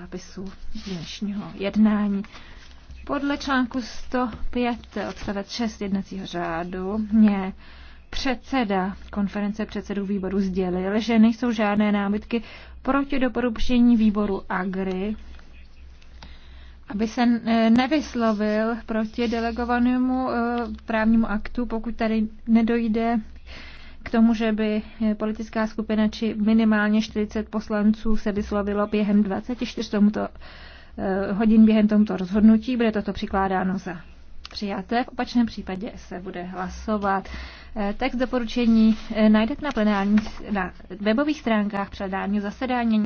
zápisu dnešního jednání. Podle článku 105 odstavec 6 jednacího řádu mě předseda konference předsedů výboru sdělil, že nejsou žádné námitky proti doporučení výboru AGRI, aby se eh, nevyslovil proti delegovanému eh, právnímu aktu, pokud tady nedojde tomu, že by politická skupina či minimálně 40 poslanců se vyslovilo během 24 tomuto, eh, hodin během tomto rozhodnutí, bude toto přikládáno za přijaté. V opačném případě se bude hlasovat. Eh, text doporučení eh, najdete na, plenární, na webových stránkách předání zasedání.